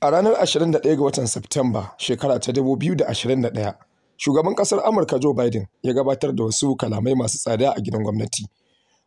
A ranar 21 ga watan Satumba shekara ta 2021, Shugaban ƙasar Amurka Joe Biden ya gabatar da wasu kalamai masu tsada a gidan gwamnati,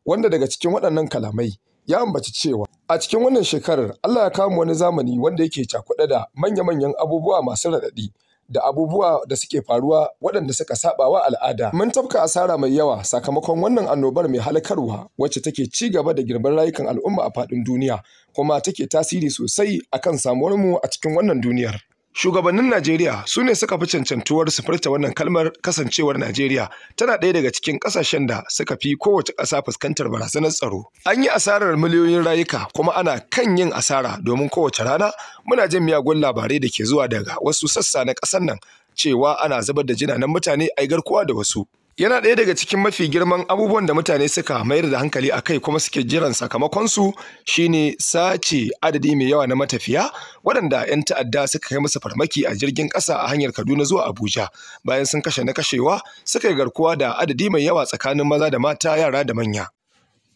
wanda daga cikin waɗannan kalamai ya ambaci cewa a cikin wannan shekarar Allah ya kama wani zamani wanda yake cakuɗe da manya-manyan abubuwa masu raɗaɗi da abubuwa da suke faruwa waɗanda suka saba wa al'ada. Mun tafka asara mai yawa sakamakon wannan annobar mai halakarwa wacce take ci gaba da girban rayukan al'umma a faɗin duniya kuma take tasiri sosai akan samuwar mu a cikin wannan duniyar. Shugabannin Najeriya su ne suka fi cancantuwar su furta wannan kalmar kasancewar Najeriya tana ɗaya daga cikin ƙasashen da suka fi kowace ƙasa fuskantar barazanar tsaro. An yi asarar miliyoyin rayuka kuma ana kan yin asara domin kowace rana muna jin miyagun labarai da ke zuwa daga wasu sassa na ƙasar nan cewa ana zubar da jinanan mutane a garkuwa da wasu. yana ɗaya daga cikin mafi girman abubuwan da mutane suka mayar da hankali a kai kuma suke jiran sakamakonsu shine sace adadi mai yawa na matafiya waɗanda 'yan ta'adda suka kai musu farmaki a jirgin ƙasa a hanyar kaduna zuwa abuja bayan sun kashe na kashewa suka yi garkuwa da adadi mai yawa tsakanin maza da mata yara da manya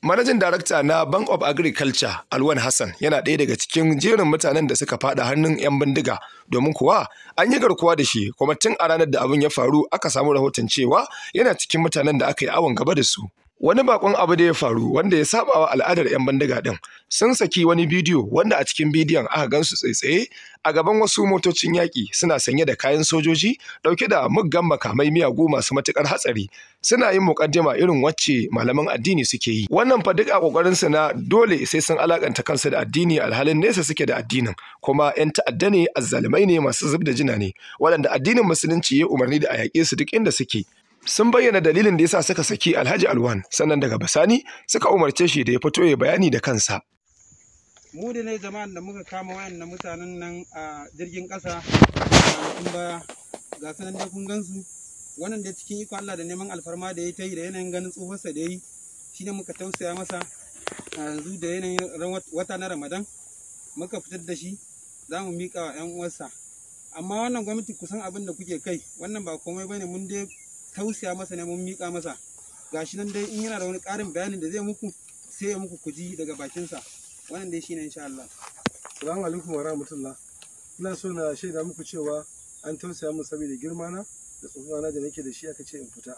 Manajan darakta na Bank of Agriculture Alwan Hassan yana ɗaya daga cikin jerin mutanen da suka faɗa hannun 'yan bindiga domin kuwa an yi garkuwa da shi kuma tun a ranar da abin ya faru aka samu rahoton cewa yana cikin mutanen da aka yi awon gaba da su. wani bakon abu da ya faru wanda ya saba wa al'adar 'yan bandiga din sun saki wani bidiyo wanda a cikin bidiyon aka gansu tsaitsaye a gaban wasu motocin yaƙi suna sanye da kayan sojoji ɗauke da muggan makamai miyagu masu matuƙar hatsari suna yin muƙaddima irin wacce malaman addini suke yi wannan fa duk a ƙoƙarinsu na dole sai sun alakanta kansu da addini alhalin nesa suke da addinin kuma 'yan ta'adda ne azzalumai ne masu zub jina ne waɗanda addinin musulunci ya umarni da a yaƙe su duk inda suke sun bayyana dalilin da yasa suka saki Alhaji Alwan sannan daga Basani suka umarce shi da ya fito ya bayani da kansa. Mu da ne jama'an da muka kama na mutanen nan a jirgin ƙasa kun baya ga sanan da kun gansu wannan da cikin iko Allah da neman alfarma da yayi ta yi da yanayin ganin tsofarsa da yayi shine muka tausaya masa yanzu da yanayin wata na Ramadan muka fitar da shi za mu miƙa wa 'yan uwarsa amma wannan gwamnati kusan abin da kuke kai wannan ba komai bane mun dai tausaya masa ne mun miƙa masa gashi nan dai in yana da wani ƙarin bayanin da zai muku sai ya muku kuji daga bakinsa wannan dai shine insha Allah assalamu alaikum wa rahmatullah ina so na shaida muku cewa an tausaya mun saboda girma na da na da nake da shi aka ce in fita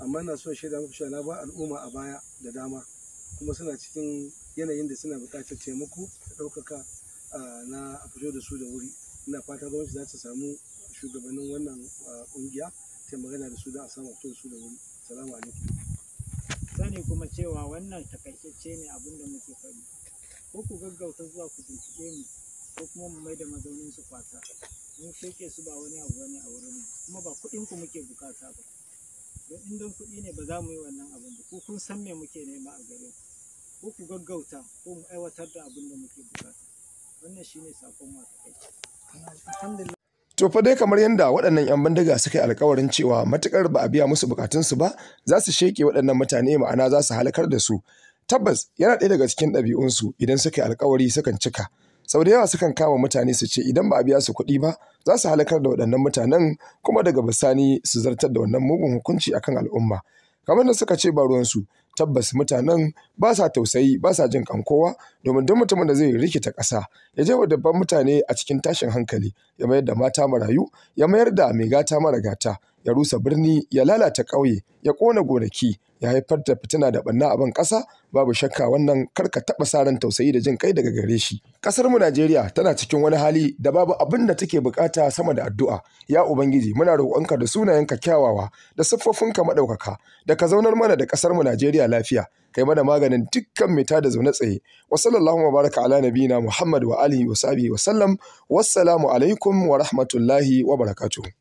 amma ina so shaida muku cewa na ba al'umma a baya da dama kuma suna cikin yanayin da suna buƙatar taimako da ɗaukaka na a fito da su da wuri ina fata gwamnati za ta samu shugabannin wannan ƙungiya kai magana da su don a samu fito su da wuri salamu alaikum sani kuma cewa wannan takaitacce ne abin da muke faɗi ko ku gaggauta zuwa ku bincike mu ko kuma mu mai da mazaunin su kwata mun sheke su ba wani abu bane a wurin kuma ba kuɗin ku muke bukata ba don in kuɗi ne ba za mu yi wannan abin ba ko kun san me muke nema a gare ku ko ku gaggauta ko mu aiwatar da abin da muke bukata wannan shine sakon mu a takaice alhamdulillah To fa dai kamar yadda waɗannan 'yan bindiga suka yi alkawarin cewa matukar ba a biya musu bukatunsu ba za su sheke waɗannan mutane ma'ana za su halakar da su. Tabbas yana ɗaya daga cikin ɗabi'unsu idan suka yi alkawari sukan cika. Sau da yawa sukan kama mutane su ce idan ba a biya su kuɗi ba za su halakar da waɗannan mutanen kuma daga bisani su zartar da wannan mugun hukunci akan al'umma. Kamar da suka ce ba ruwansu tabbas mutanen ba sa tausayi ba sa jin kan kowa domin duk mutumin da zai rikita ƙasa ya je wa dabban mutane a cikin tashin hankali ya mayar da mata marayu ya mayar da mai gata mara gata ya rusa birni ya lalata ƙauye ya ƙona gonaki ya haifar da fitina da ɓanna a ban ƙasa babu shakka wannan karka taɓa sa ran tausayi da jin kai daga gare shi ƙasar mu Najeriya tana cikin wani hali da babu abin da take bukata sama da addu'a ya ubangiji muna roƙonka da sunayen ka kyawawa da siffofinka maɗaukaka da ka zaunar mana da ƙasar mu Najeriya lafiya kai mana maganin dukkan mai da zaune tsaye wa sallallahu wa baraka ala nabiyina Muhammad wa alihi wa sahbihi wa sallam wassalamu alaikum wa rahmatullahi wa barakatuh